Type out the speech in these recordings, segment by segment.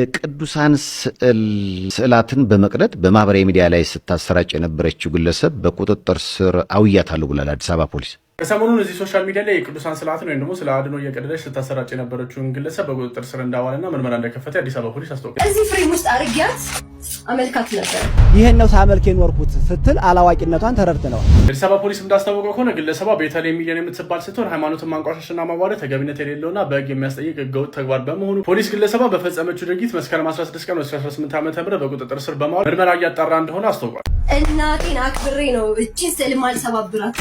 የቅዱሳን ስዕላትን በመቅደድ በማህበራዊ ሚዲያ ላይ ስታሰራጭ የነበረችው ግለሰብ በቁጥጥር ስር አውያታለሁ ብሏል አዲስ አበባ ፖሊስ። ከሰሞኑን እዚህ ሶሻል ሚዲያ ላይ የቅዱሳን ስዕላትን ወይም ደግሞ ስለ አድኖ እየቀደደች ስታሰራጭ የነበረችውን ግለሰብ በቁጥጥር ስር እንዳዋለና ምርመራ እንደከፈተ አዲስ አበባ ፖሊስ አስታወቀ። እዚህ ፍሬም ውስጥ አርጊያት አመልካት ነበር። ይህን ነው ሳመልክ የኖርኩት ስትል አላዋቂነቷን ተረድተነዋል። አዲስ አበባ ፖሊስ እንዳስታወቀው ከሆነ ግለሰቧ ቤተልሔም ሚሊዮን የምትባል ስትሆን ሃይማኖትን ማንቋሸሽና ማዋረድ ተገቢነት የሌለውና በህግ የሚያስጠይቅ ሕገወጥ ተግባር በመሆኑ ፖሊስ ግለሰቧ በፈጸመችው ድርጊት መስከረም 16 ቀን 2018 ዓ ም በቁጥጥር ስር በማዋል ምርመራ እያጣራ እንደሆነ አስታውቋል። እናቴን አክብሬ ነው እቺ ስዕል ማልሰባብራት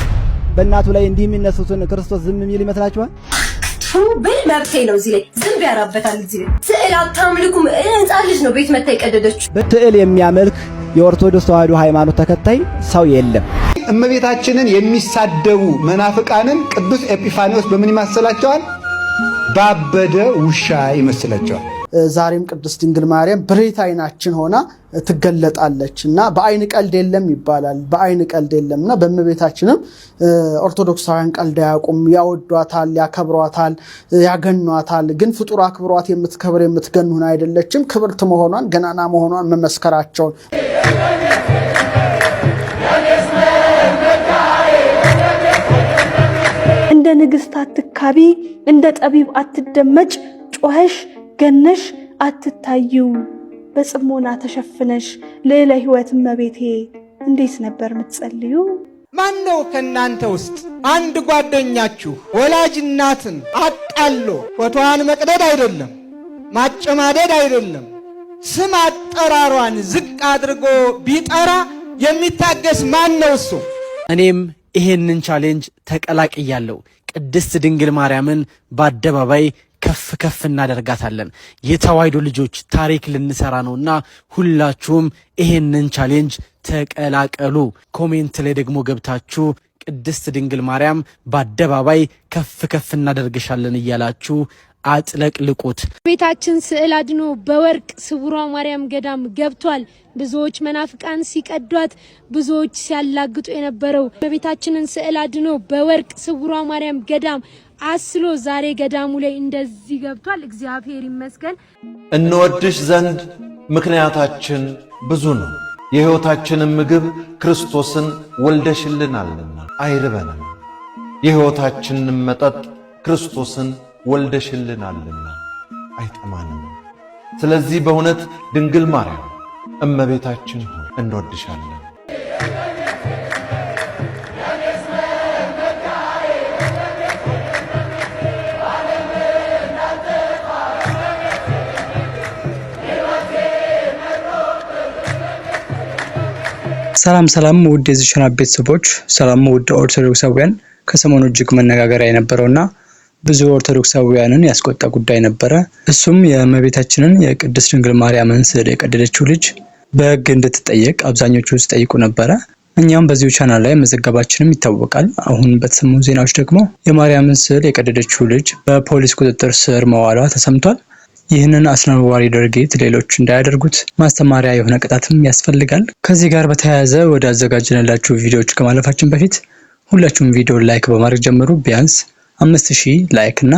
በእናቱ ላይ እንዲህ የሚነሱትን ክርስቶስ ዝም የሚል ይመስላችኋል? ብል መብቴ ነው። እዚህ ላይ ዝንብ ያራበታል። እዚህ ላይ ስዕል አታምልኩም። ህፃን ልጅ ነው ቤት መታ የቀደደችው። በስዕል የሚያመልክ የኦርቶዶክስ ተዋሕዶ ሃይማኖት ተከታይ ሰው የለም። እመቤታችንን የሚሳደቡ መናፍቃንን ቅዱስ ኤጲፋኒዎስ በምን ይመስላቸዋል? ባበደ ውሻ ይመስላቸዋል። ዛሬም ቅድስት ድንግል ማርያም ብሬት አይናችን ሆና ትገለጣለች እና በአይን ቀልድ የለም ይባላል። በአይን ቀልድ የለም እና በእመቤታችንም ኦርቶዶክሳውያን ቀልድ አያውቁም። ያወዷታል፣ ያከብሯታል፣ ያገኗታል። ግን ፍጡር አክብሯት የምትከብር የምትገኑን አይደለችም። ክብርት መሆኗን ገናና መሆኗን መመስከራቸውን እንደ ንግስት አትካቢ፣ እንደ ጠቢብ አትደመጭ ጮኸሽ ገነሽ አትታዩ በጽሞና ተሸፍነሽ ልዕለ ሕይወት እመቤቴ እንዴት ነበር የምትጸልዩ? ማን ነው ከእናንተ ውስጥ አንድ ጓደኛችሁ ወላጅ እናትን አጣሎ ፎቶዋን መቅደድ አይደለም ማጨማደድ አይደለም ስም አጠራሯን ዝቅ አድርጎ ቢጠራ የሚታገስ ማን ነው እሱ? እኔም ይሄንን ቻሌንጅ ተቀላቅያለሁ። ቅድስት ድንግል ማርያምን በአደባባይ ከፍ ከፍ እናደርጋታለን። የተዋሕዶ ልጆች ታሪክ ልንሰራ ነውና ሁላችሁም ይሄንን ቻሌንጅ ተቀላቀሉ። ኮሜንት ላይ ደግሞ ገብታችሁ ቅድስት ድንግል ማርያም በአደባባይ ከፍ ከፍ እናደርግሻለን እያላችሁ አጥለቅልቁት። ቤታችን ስዕል አድኖ በወርቅ ስውሯ ማርያም ገዳም ገብቷል። ብዙዎች መናፍቃን ሲቀዷት፣ ብዙዎች ሲያላግጡ የነበረው እመቤታችንን ስዕል አድኖ በወርቅ ስውሯ ማርያም ገዳም አስሎ ዛሬ ገዳሙ ላይ እንደዚህ ገብቷል። እግዚአብሔር ይመስገን። እንወድሽ ዘንድ ምክንያታችን ብዙ ነው። የሕይወታችንን ምግብ ክርስቶስን ወልደሽልናልና አይርበንም። የሕይወታችንን መጠጥ ክርስቶስን ወልደሽልናልና አይጠማንም። ስለዚህ በእውነት ድንግል ማርያም እመቤታችን ሆይ እንወድሻለን። ሰላም ሰላም ውድ የዚህ ቻናል ቤተሰቦች፣ ሰላም ውድ ኦርቶዶክሳውያን። ከሰሞኑ እጅግ መነጋገሪያ የነበረውና ብዙ ኦርቶዶክሳውያንን ያስቆጣ ጉዳይ ነበረ። እሱም የእመቤታችንን የቅድስት ድንግል ማርያምን ስዕል የቀደደችው ልጅ በሕግ እንድትጠየቅ አብዛኞቹ ሲጠይቁ ነበረ። እኛም በዚሁ ቻናል ላይ መዘገባችንም ይታወቃል። አሁን በተሰሙ ዜናዎች ደግሞ የማርያምን ስዕል የቀደደችው ልጅ በፖሊስ ቁጥጥር ስር መዋሏ ተሰምቷል። ይህንን አስነዋሪ ድርጊት ሌሎች እንዳያደርጉት ማስተማሪያ የሆነ ቅጣትም ያስፈልጋል። ከዚህ ጋር በተያያዘ ወደ አዘጋጅንላችሁ ቪዲዮዎች ከማለፋችን በፊት ሁላችሁም ቪዲዮ ላይክ በማድረግ ጀምሩ። ቢያንስ አምስት ሺህ ላይክ እና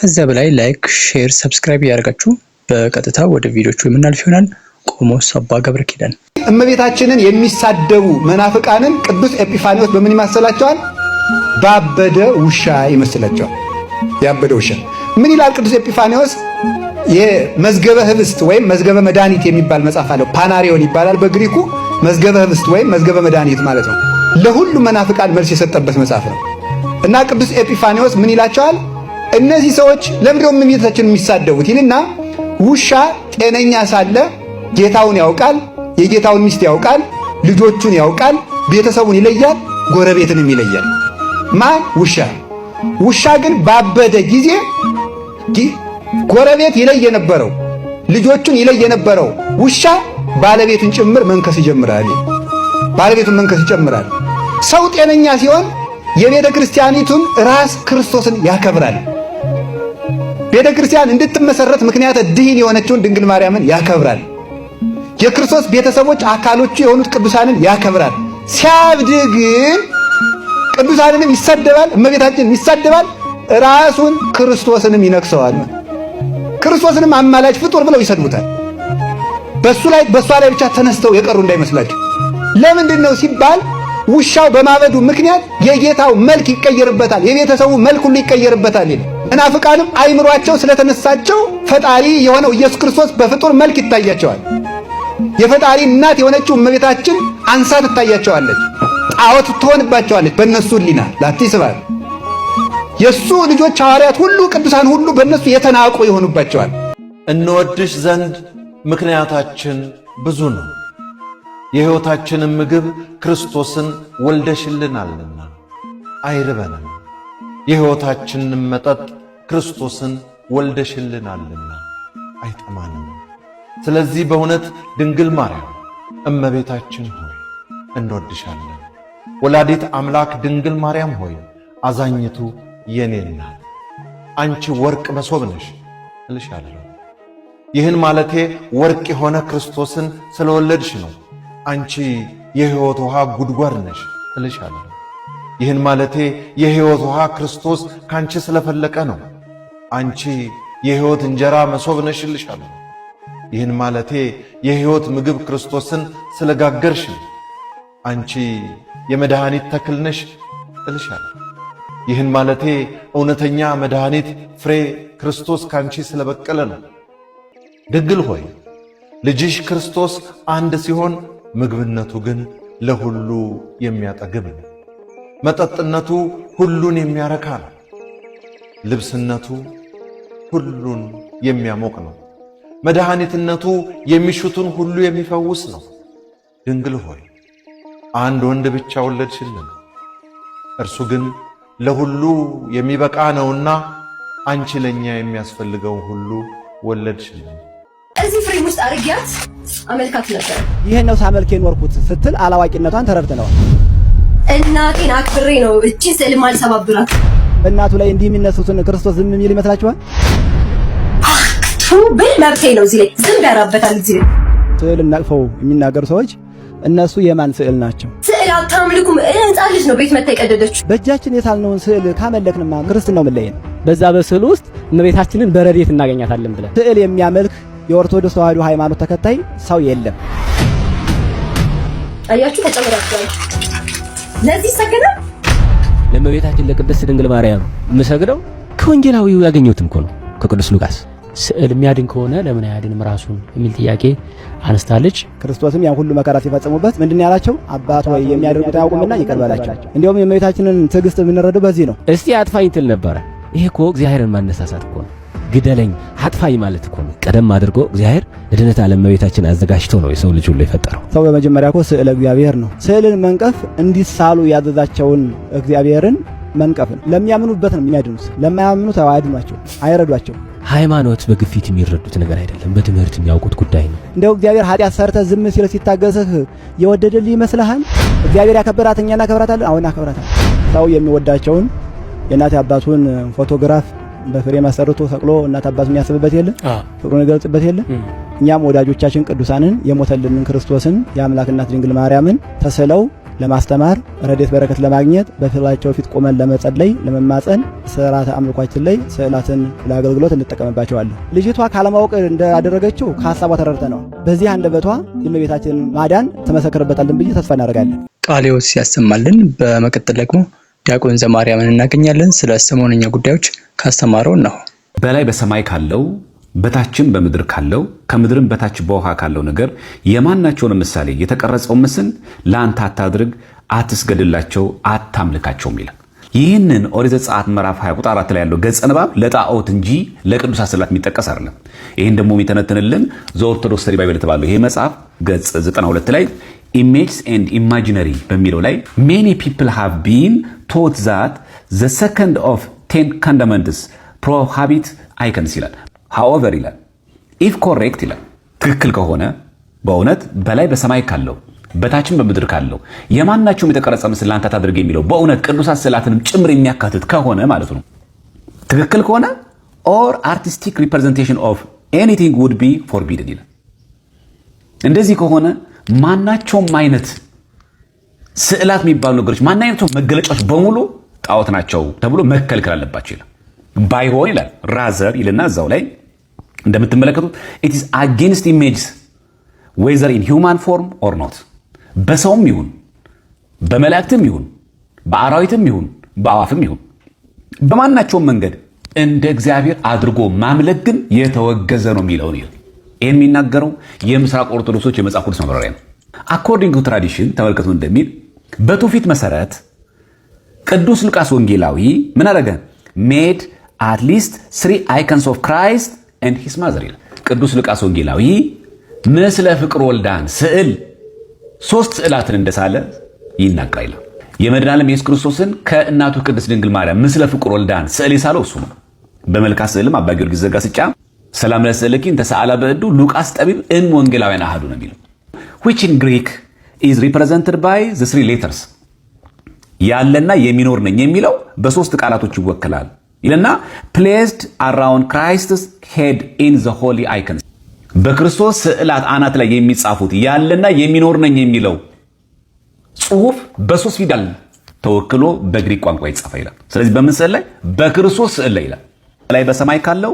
ከዚያ በላይ ላይክ፣ ሼር፣ ሰብስክራይብ እያደረጋችሁ በቀጥታ ወደ ቪዲዮቹ የምናልፍ ይሆናል። ቆሞስ አባ ገብረ ኪዳን እመቤታችንን የሚሳደቡ መናፍቃንን ቅዱስ ኤጲፋኒዎስ በምን ይመስላቸዋል? ባበደ ውሻ ይመስላቸዋል። ያበደ ውሻ ምን ይላል ቅዱስ ኤጲፋኒዎስ? የመዝገበ ህብስት ወይም መዝገበ መድኃኒት የሚባል መጽሐፍ አለው። ፓናሪዮን ይባላል በግሪኩ። መዝገበ ህብስት ወይም መዝገበ መድኃኒት ማለት ነው። ለሁሉ መናፍቃን መልስ የሰጠበት መጽሐፍ ነው እና ቅዱስ ኤጲፋኒዎስ ምን ይላቸዋል? እነዚህ ሰዎች ለምንድነው እመቤታችን የሚሳደቡት ይልና ውሻ ጤነኛ ሳለ ጌታውን ያውቃል፣ የጌታውን ሚስት ያውቃል፣ ልጆቹን ያውቃል፣ ቤተሰቡን ይለያል፣ ጎረቤትንም ይለያል። ማን ውሻ ውሻ ግን ባበደ ጊዜ ጎረቤት ይለይ የነበረው ልጆቹን ይለይ የነበረው ውሻ ባለቤቱን ጭምር መንከስ ይጀምራል። ባለቤቱን መንከስ ይጀምራል። ሰው ጤነኛ ሲሆን የቤተ ክርስቲያኒቱን ራስ ክርስቶስን ያከብራል። ቤተ ክርስቲያን እንድትመሰረት ምክንያት ድህን የሆነችውን ድንግል ማርያምን ያከብራል። የክርስቶስ ቤተሰቦች አካሎቹ የሆኑት ቅዱሳንን ያከብራል። ሲያብድ ግን ቅዱሳንንም ይሳደባል፣ እመቤታችንም ይሳደባል፣ ራሱን ክርስቶስንም ይነክሰዋል። ክርስቶስንም አማላጅ ፍጡር ብለው ይሰድቡታል። በሱ ላይ በሷ ላይ ብቻ ተነስተው የቀሩ እንዳይመስላችሁ። ለምንድን ነው ሲባል ውሻው በማበዱ ምክንያት የጌታው መልክ ይቀየርበታል፣ የቤተሰቡ መልክ ሁሉ ይቀየርበታል ይላል። እናፍቃንም አይምሯቸው ስለተነሳቸው ፈጣሪ የሆነው ኢየሱስ ክርስቶስ በፍጡር መልክ ይታያቸዋል። የፈጣሪ እናት የሆነችው እመቤታችን አንሳ ትታያቸዋለች፣ ጣዖት ትሆንባቸዋለች። በእነሱ ሊና ላቲ ስባል የእሱ ልጆች ሐዋርያት ሁሉ ቅዱሳን ሁሉ በእነሱ የተናቁ ይሆኑባቸዋል። እንወድሽ ዘንድ ምክንያታችን ብዙ ነው፣ የሕይወታችንን ምግብ ክርስቶስን ወልደሽልናልና አይርበንም። የሕይወታችንን መጠጥ ክርስቶስን ወልደሽልናልና አይጠማንም። ስለዚህ በእውነት ድንግል ማርያም እመቤታችን ሆይ እንወድሻለን። ወላዲት አምላክ ድንግል ማርያም ሆይ አዛኝቱ የኔ እናት አንቺ ወርቅ መሶብ ነሽ እልሻለሁ። ይህን ማለቴ ወርቅ የሆነ ክርስቶስን ስለወለድሽ ነው። አንቺ የሕይወት ውሃ ጉድጓድ ነሽ እልሻለሁ። ይህን ማለቴ የሕይወት ውሃ ክርስቶስ ከአንቺ ስለፈለቀ ነው። አንቺ የሕይወት እንጀራ መሶብ ነሽ እልሻለሁ። ይህን ማለቴ የሕይወት ምግብ ክርስቶስን ስለጋገርሽ ነው። አንቺ የመድኃኒት ተክል ነሽ እልሻለሁ። ይህን ማለቴ እውነተኛ መድኃኒት ፍሬ ክርስቶስ ካንቺ ስለበቀለ ነው። ድንግል ሆይ ልጅሽ ክርስቶስ አንድ ሲሆን ምግብነቱ ግን ለሁሉ የሚያጠግብ ነው። መጠጥነቱ ሁሉን የሚያረካ ነው። ልብስነቱ ሁሉን የሚያሞቅ ነው። መድኃኒትነቱ የሚሹትን ሁሉ የሚፈውስ ነው። ድንግል ሆይ አንድ ወንድ ብቻ ወለድሽልን፣ እርሱ ግን ለሁሉ የሚበቃ ነውና አንቺ ለኛ የሚያስፈልገው ሁሉ ወለድሽልን። እዚህ ፍሬም ውስጥ አርጊያት አመልካት ነበር። ይሄን ነው ሳመልክ የኖርኩት ስትል አላዋቂነቷን ተረድተነዋል። እናቴን አክብሬ ነው እቺ ስዕል ማልሰባብራት። በእናቱ ላይ እንዲህ የሚነሱትን ክርስቶስ ዝም የሚል ይመስላችኋል? ብል መብቴ ነው። እዚህ ላይ ዝም ያራበታል። እዚህ ላይ ስዕል እናቅፈው የሚናገሩ ሰዎች እነሱ የማን ስዕል ናቸው? ስዕል አታምልኩም። ሕፃን ልጅ ነው ቤት መታ የቀደደችው። በእጃችን የሳልነውን ስዕል ካመለክንማ ክርስትናው ምን ላይ ነው? በዛ በስዕል ውስጥ እመቤታችንን በረዴት እናገኛታለን ብለን ስዕል የሚያመልክ የኦርቶዶክስ ተዋሕዶ ሃይማኖት ተከታይ ሰው የለም። አያችሁ፣ ተጨምራችኋል። ለዚህ ሰገደ ለእመቤታችን ለቅድስት ድንግል ማርያም የምሰግደው ከወንጌላዊው ያገኘሁትን እኮ ነው ከቅዱስ ሉቃስ ስዕል የሚያድን ከሆነ ለምን አያድንም ራሱን የሚል ጥያቄ አነስታለች። ክርስቶስም ያን ሁሉ መከራ ሲፈጽሙበት ምንድን ያላቸው አባት ወይ የሚያደርጉት አያውቁምና ይቅር በላቸው። እንዲሁም የእመቤታችንን ትዕግስት የምንረዳው በዚህ ነው። እስቲ አጥፋኝ ትል ነበረ። ይሄ እኮ እግዚአብሔርን ማነሳሳት እኮ ነው። ግደለኝ አጥፋኝ ማለት እኮ ነው። ቀደም አድርጎ እግዚአብሔር ለድነት ዓለም መቤታችን አዘጋጅቶ ነው የሰው ልጅ ሁሉ የፈጠረው። ሰው በመጀመሪያ እኮ ስዕለ እግዚአብሔር ነው። ስዕልን መንቀፍ እንዲሳሉ ያዘዛቸውን እግዚአብሔርን መንቀፍን ለሚያምኑበት ነው የሚያድኑት። ለማያምኑት አይረዷቸው። ሃይማኖት በግፊት የሚረዱት ነገር አይደለም፣ በትምህርት የሚያውቁት ጉዳይ ነው። እንደው እግዚአብሔር ኃጢአት ሰርተ ዝም ሲል ሲታገስህ የወደደልህ ይመስልሃል? እግዚአብሔር ያከበራት እኛ እናከብራታለን። አሁን እናከብራታለን። ሰው የሚወዳቸውን የእናት አባቱን ፎቶግራፍ በፍሬም አሰርቶ ሰቅሎ እናት አባቱ የሚያስብበት የለ ፍቅሩን ይገልጽበት የለ እኛም ወዳጆቻችን ቅዱሳንን የሞተልንን ክርስቶስን የአምላክ እናት ድንግል ማርያምን ተስለው ለማስተማር ረዴት በረከት ለማግኘት በፊላቸው ፊት ቆመን ለመጸለይ ለመማፀን ስርዓተ አምልኳችን ላይ ስዕላትን ለአገልግሎት እንጠቀምባቸዋለን። ልጅቷ ካለማወቅ እንዳደረገችው ከሀሳቧ ነው። በዚህ አንደበቷ የእመቤታችን ማዳን ትመሰክርበታለን ብዬ ተስፋ እናደርጋለን። ቃሌዎስ ሲያሰማልን በመቀጠል ደግሞ ዲያቆን ዘማርያምን እናገኛለን። ስለ ሰሞነኛ ጉዳዮች ካስተማረው ነው በላይ በሰማይ ካለው በታችም በምድር ካለው ከምድርም በታች በውሃ ካለው ነገር የማናቸውን ምሳሌ የተቀረጸው ምስል ለአንተ አታድርግ፣ አትስገድላቸው፣ አታምልካቸውም ይላል። ይህንን ኦሪት ዘጸአት ምዕራፍ 20 ቁጥር 4 ላይ ያለው ገጸ ንባብ ለጣዖት እንጂ ለቅዱሳት ስዕላት የሚጠቀስ አይደለም። ይህን ደግሞ የሚተነትንልን ዘኦርቶዶክስ ስተዲ ባይብል የተባለው ይሄ መጽሐፍ ገጽ 92 ላይ ኢሜጅስ ኤንድ ኢማጂነሪ በሚለው ላይ ሜኒ ፒፕል ሃቭ ቢን ቶት ዛት ዘ ሰከንድ ኦፍ ቴን ካንዳመንትስ ፕሮሃቢት አይከንስ ይላል። ሀወቨር ይላል ኢፍ ኮሬክት ይላል ትክክል ከሆነ በእውነት በላይ በሰማይ ካለው በታችን በምድር ካለው የማናቸውም የተቀረጸ ምስል ለአንተ ታድርግ የሚለው በእውነት ቅዱሳት ስዕላትንም ጭምር የሚያካትት ከሆነ ማለት ነው። ትክክል ከሆነ ኦር አርቲስቲክ ሪፕሬዘንቴሽን ኦፍ ኤኒቲንግ ውድ ቢ ፎርቢድን ይላል። እንደዚህ ከሆነ ማናቸውም አይነት ስዕላት የሚባሉ ነገሮች ማና አይነቱ መገለጫዎች በሙሉ ጣዖት ናቸው ተብሎ መከልከል አለባቸው ይላል። ባይሆን ይላል ራዘር ይልና እዛው ላይ እንደምትመለከቱት ኢት አጌንስት ኢሜጅስ ዌዘር ኢን ሂውማን ፎርም ኦር ኖት በሰውም ይሁን በመላእክትም ይሁን በአራዊትም ይሁን በአዋፍም ይሁን በማናቸውም መንገድ እንደ እግዚአብሔር አድርጎ ማምለክ ግን የተወገዘ ነው የሚለውን ይል ይህ የሚናገረው የምስራቅ ኦርቶዶክሶች የመጽሐፍ ቅዱስ መብራሪያ ነው። አኮርዲንግ ቱ ትራዲሽን ተመልከቱ እንደሚል በትውፊት መሰረት ቅዱስ ሉቃስ ወንጌላዊ ምን አደረገ? ሜድ አትሊስት ስሪ አይከንስ ኦፍ ክራይስት ኤንድ ሂስ ማዘር ይላል ቅዱስ ሉቃስ ወንጌላዊ። ምስለ ፍቅር ወልዳን ስዕል ሶስት ስዕላትን እንደሳለ ይናቃ ይላል። የመድን ኢየሱስ ክርስቶስን ከእናቱ ቅድስት ድንግል ማርያም ምስለ ፍቅር ወልዳን ስዕል የሳለው እሱ ነው። በመልካ ስዕልም አባ ጊዮርጊስ ዘጋስጫ ሰላም ለስዕልኪን ተሰዓላ በእዱ ሉቃስ ጠቢብ እም ወንጌላውያን አሃዱ ነው የሚለው ዊች ኢን ግሪክ ኢዝ ሪፕሬዘንትድ ባይ ዘ ስሪ ሌተርስ ያለና የሚኖር ነኝ የሚለው በሶስት ቃላቶች ይወክላል። ይለና ፕሌስድ አራውንድ ክራይስትስ ሄድ ኢን ዘ ሆሊ አይከንስ በክርስቶስ ስዕላት አናት ላይ የሚጻፉት ያለና የሚኖር ነኝ የሚለው ጽሁፍ በሶስት ፊደል ተወክሎ በግሪክ ቋንቋ ይጻፋ ይላል። ስለዚህ በምን ስዕል ላይ? በክርስቶስ ስዕል ላይ ይላል። ላይ በሰማይ ካለው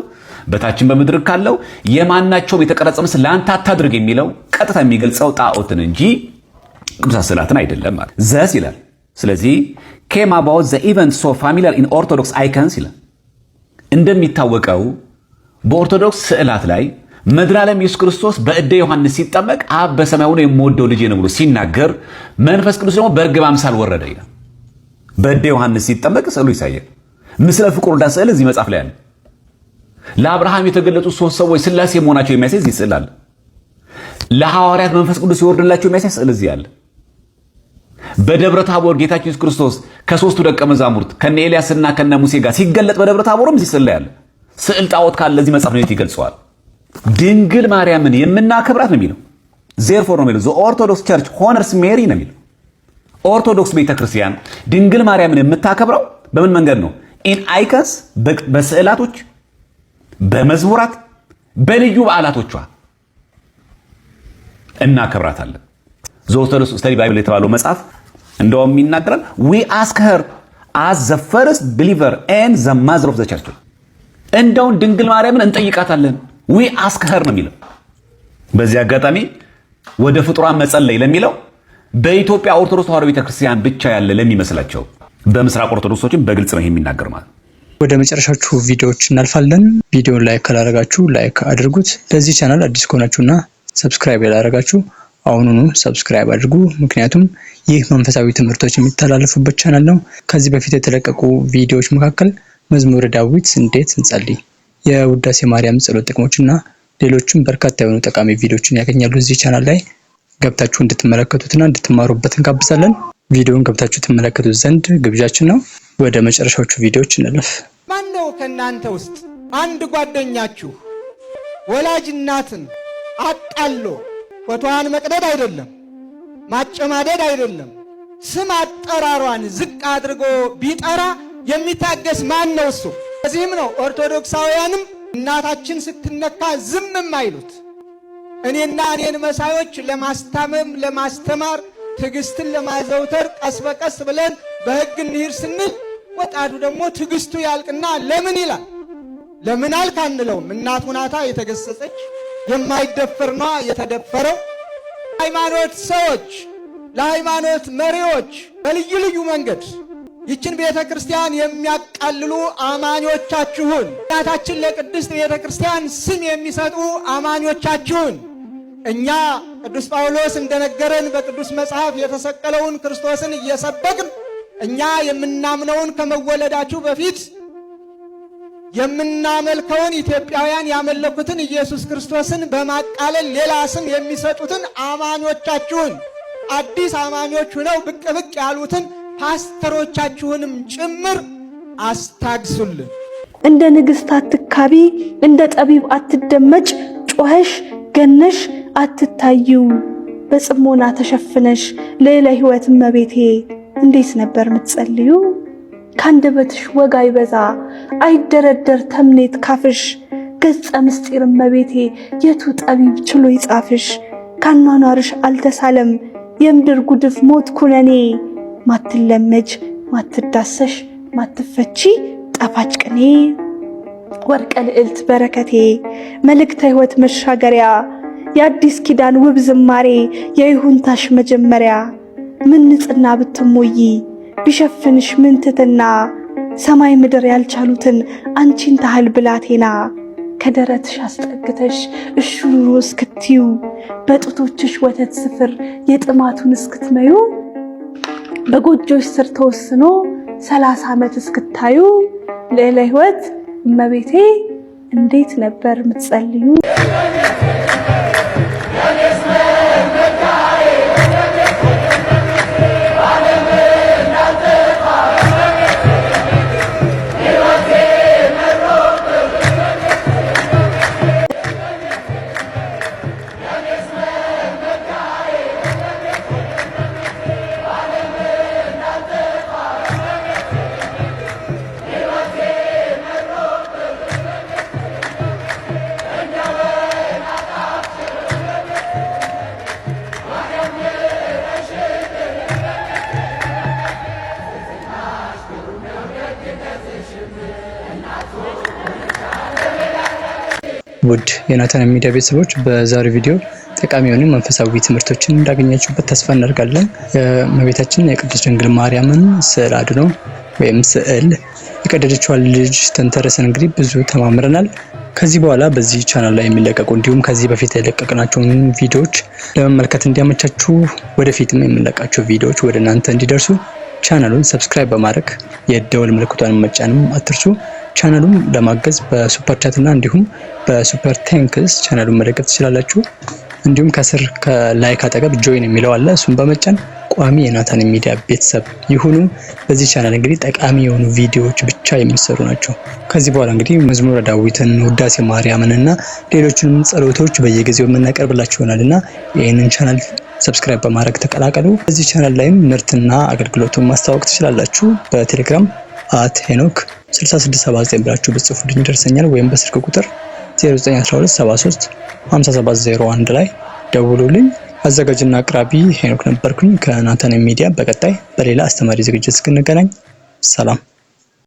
በታችን በምድር ካለው የማናቸውም የተቀረጸ ምስል ለአንተ አታድርግ የሚለው ቀጥታ የሚገልጸው ጣዖትን እንጂ ቅዱሳት ስዕላትን አይደለም። ዘስ ይላል ስለዚህ ኬም አባውት ዘ ኢቨንትስ ሶ ፋሚሊያር ኢን ኦርቶዶክስ አይከንስ ይላል። እንደሚታወቀው በኦርቶዶክስ ስዕላት ላይ መድኃኔ ዓለም ኢየሱስ ክርስቶስ በእደ ዮሐንስ ሲጠመቅ አብ በሰማይ ሆኖ የምወደው ልጄ ነው ብሎ ሲናገር መንፈስ ቅዱስ ደግሞ በእርግብ አምሳል ወረደ ይላል። በእደ ዮሐንስ ሲጠመቅ ስዕሉ ይሳያል። ምስለ ፍቁር ወልዳ ስዕል እዚህ መጽሐፍ ላይ አለ። ለአብርሃም የተገለጹ ሶስት ሰዎች ስላሴ መሆናቸው የሚያሳይ እዚህ ስዕል አለ። ለሐዋርያት መንፈስ ቅዱስ ሲወርድላቸው የሚያሳይ ስዕል እዚህ አለ። በደብረ ታቦር ጌታችን ኢየሱስ ክርስቶስ ከሶስቱ ደቀ መዛሙርት ከነ ኤልያስና ከነ ሙሴ ጋር ሲገለጥ በደብረ ታቦርም ሲስላ ያለ ስዕል ጣዖት ካለ ለዚህ መጽሐፍ ነው ይገልጸዋል። ድንግል ማርያምን የምናከብራት ነው የሚለው ዜርፎር ነው የሚለው ኦርቶዶክስ ቸርች ሆነርስ ሜሪ ነው የሚለው። ኦርቶዶክስ ቤተክርስቲያን ድንግል ማርያምን የምታከብረው በምን መንገድ ነው? ኢን አይከንስ በስዕላቶች በመዝሙራት በልዩ በዓላቶቿ እናከብራታለን። ዘኦርቶዶክስ ኦርቶዶክስ ስተዲ ባይብል የተባለው መጽሐፍ እንደውም የሚናገራል ዊ አስክ ሄር አዝ ዘ ፈርስት ቢሊቨር ኤን ዘ ማዝር ኦፍ ዘ ቸርች። እንደውን ድንግል ማርያምን እንጠይቃታለን። ዊ አስክ ሄር ነው የሚለው። በዚህ አጋጣሚ ወደ ፍጡራን መጸለይ ለሚለው በኢትዮጵያ ኦርቶዶክስ ተዋሕዶ ቤተክርስቲያን ብቻ ያለ ለሚመስላቸው በምስራቅ ኦርቶዶክሶችን በግልጽ ነው የሚናገር ማለት ወደ መጨረሻችሁ ቪዲዮዎች እናልፋለን። ቪዲዮን ላይክ ካላረጋችሁ ላይክ አድርጉት። ለዚህ ቻናል አዲስ ከሆናችሁና ሰብስክራይብ ያላረጋችሁ አሁኑኑ ሰብስክራይብ አድርጉ። ምክንያቱም ይህ መንፈሳዊ ትምህርቶች የሚተላለፉበት ቻናል ነው። ከዚህ በፊት የተለቀቁ ቪዲዮዎች መካከል መዝሙረ ዳዊት እንዴት እንጸልይ፣ የውዳሴ ማርያም ጸሎት ጥቅሞች እና ሌሎችም በርካታ የሆኑ ጠቃሚ ቪዲዮዎችን ያገኛሉ። እዚህ ቻናል ላይ ገብታችሁ እንድትመለከቱትና እንድትማሩበት እንጋብዛለን። ቪዲዮውን ገብታችሁ ትመለከቱት ዘንድ ግብዣችን ነው። ወደ መጨረሻዎቹ ቪዲዮዎች እንለፍ። ማን ነው ከእናንተ ውስጥ አንድ ጓደኛችሁ ወላጅ እናትን አጣሎ ፎቶዋን መቅደድ አይደለም፣ ማጨማደድ አይደለም። ስም አጠራሯን ዝቅ አድርጎ ቢጠራ የሚታገስ ማን ነው? እሱ እዚህም ነው። ኦርቶዶክሳውያንም እናታችን ስትነካ ዝምም አይሉት። እኔና እኔን መሳዮች ለማስታመም ለማስተማር ትዕግስትን ለማዘውተር ቀስ በቀስ ብለን በሕግ እንሂድ ስንል ወጣቱ ደግሞ ትዕግስቱ ያልቅና ለምን ይላል። ለምን አልክ አንለውም። እናቱ ናታ የተገሰጸች የማይደፈር ነዋ የተደፈረው። ሃይማኖት ሰዎች ለሃይማኖት መሪዎች በልዩ ልዩ መንገድ ይችን ቤተ ክርስቲያን የሚያቃልሉ አማኞቻችሁን እናታችን ለቅድስት ቤተ ክርስቲያን ስም የሚሰጡ አማኞቻችሁን እኛ ቅዱስ ጳውሎስ እንደነገረን በቅዱስ መጽሐፍ የተሰቀለውን ክርስቶስን እየሰበክን እኛ የምናምነውን ከመወለዳችሁ በፊት የምናመልከውን ኢትዮጵያውያን ያመለኩትን ኢየሱስ ክርስቶስን በማቃለል ሌላ ስም የሚሰጡትን አማኞቻችሁን አዲስ አማኞች ሁነው ብቅ ብቅ ያሉትን ፓስተሮቻችሁንም ጭምር አስታግሱልን። እንደ ንግሥት አትካቢ፣ እንደ ጠቢብ አትደመጭ፣ ጮኸሽ ገነሽ አትታይው፣ በጽሞና ተሸፍነሽ ልዕለ ሕይወት እመቤቴ እንዴት ነበር ምትጸልዩ? ካንደበትሽ ወጋ ይበዛ አይደረደር ተምኔት ካፍሽ ገጸ ምስጢር መቤቴ የቱ ጠቢብ ችሎ ይጻፍሽ ካኗኗርሽ አልተሳለም የምድር ጉድፍ ሞት ኩነኔ ማትለመጅ ማትዳሰሽ ማትፈቺ ጣፋጭ ቅኔ ወርቀ ልዕልት በረከቴ መልእክተ ሕይወት መሻገሪያ የአዲስ ኪዳን ውብ ዝማሬ የይሁንታሽ መጀመሪያ ምን ንጽና ብትሞይ ቢሸፍንሽ ምን ትትና ሰማይ ምድር ያልቻሉትን አንቺን ታህል ብላቴና ከደረትሽ አስጠግተሽ እሹሩሩ እስክትዩ በጡቶችሽ ወተት ስፍር የጥማቱን እስክትመዩ በጎጆች ስር ተወስኖ ሰላሳ ዓመት እስክታዩ ልዕለ ሕይወት እመቤቴ እንዴት ነበር ምትጸልዩ ዮናታን ሚዲያ ቤተሰቦች በዛሬው ቪዲዮ ጠቃሚ የሆኑ መንፈሳዊ ትምህርቶችን እንዳገኛችሁበት ተስፋ እናደርጋለን። የእመቤታችን የቅድስት ድንግል ማርያምን ስዕል አድኖ ወይም ስዕል የቀደደችዋን ልጅ ተንተረሰን እንግዲህ ብዙ ተማምረናል። ከዚህ በኋላ በዚህ ቻናል ላይ የሚለቀቁ እንዲሁም ከዚህ በፊት የለቀቅናቸውን ቪዲዮዎች ለመመልከት እንዲያመቻችሁ ወደፊትም የምንለቃቸው ቪዲዮዎች ወደ እናንተ እንዲደርሱ ቻናሉን ሰብስክራይብ በማድረግ የደወል ምልክቷን መጫንም አትርሱ። ቻናሉን ለማገዝ በሱፐር ቻትና እንዲሁም በሱፐር ቴንክስ ቻናሉን መደገፍ ትችላላችሁ። እንዲሁም ከስር ከላይክ አጠገብ ጆይን የሚለው አለ። እሱን በመጫን ቋሚ የናታን ሚዲያ ቤተሰብ ይሁኑ። በዚህ ቻናል እንግዲህ ጠቃሚ የሆኑ ቪዲዮዎች ብቻ የሚሰሩ ናቸው። ከዚህ በኋላ እንግዲህ መዝሙረ ዳዊትን፣ ውዳሴ ማርያምን እና ሌሎችንም ጸሎቶች በየጊዜው የምናቀርብላችሁ ይሆናል እና ይህንን ቻናል ሰብስክራይብ በማድረግ ተቀላቀሉ። በዚህ ቻናል ላይም ምርትና አገልግሎቱን ማስታወቅ ትችላላችሁ። በቴሌግራም አት ሄኖክ 6679 ብላችሁ ብጽፉልኝ ይደርሰኛል፣ ወይም በስልክ ቁጥር 0912735701 ላይ ደውሉልኝ። አዘጋጅና አቅራቢ ሄኖክ ነበርኩኝ ከናተን ሚዲያ። በቀጣይ በሌላ አስተማሪ ዝግጅት እስክንገናኝ ሰላም።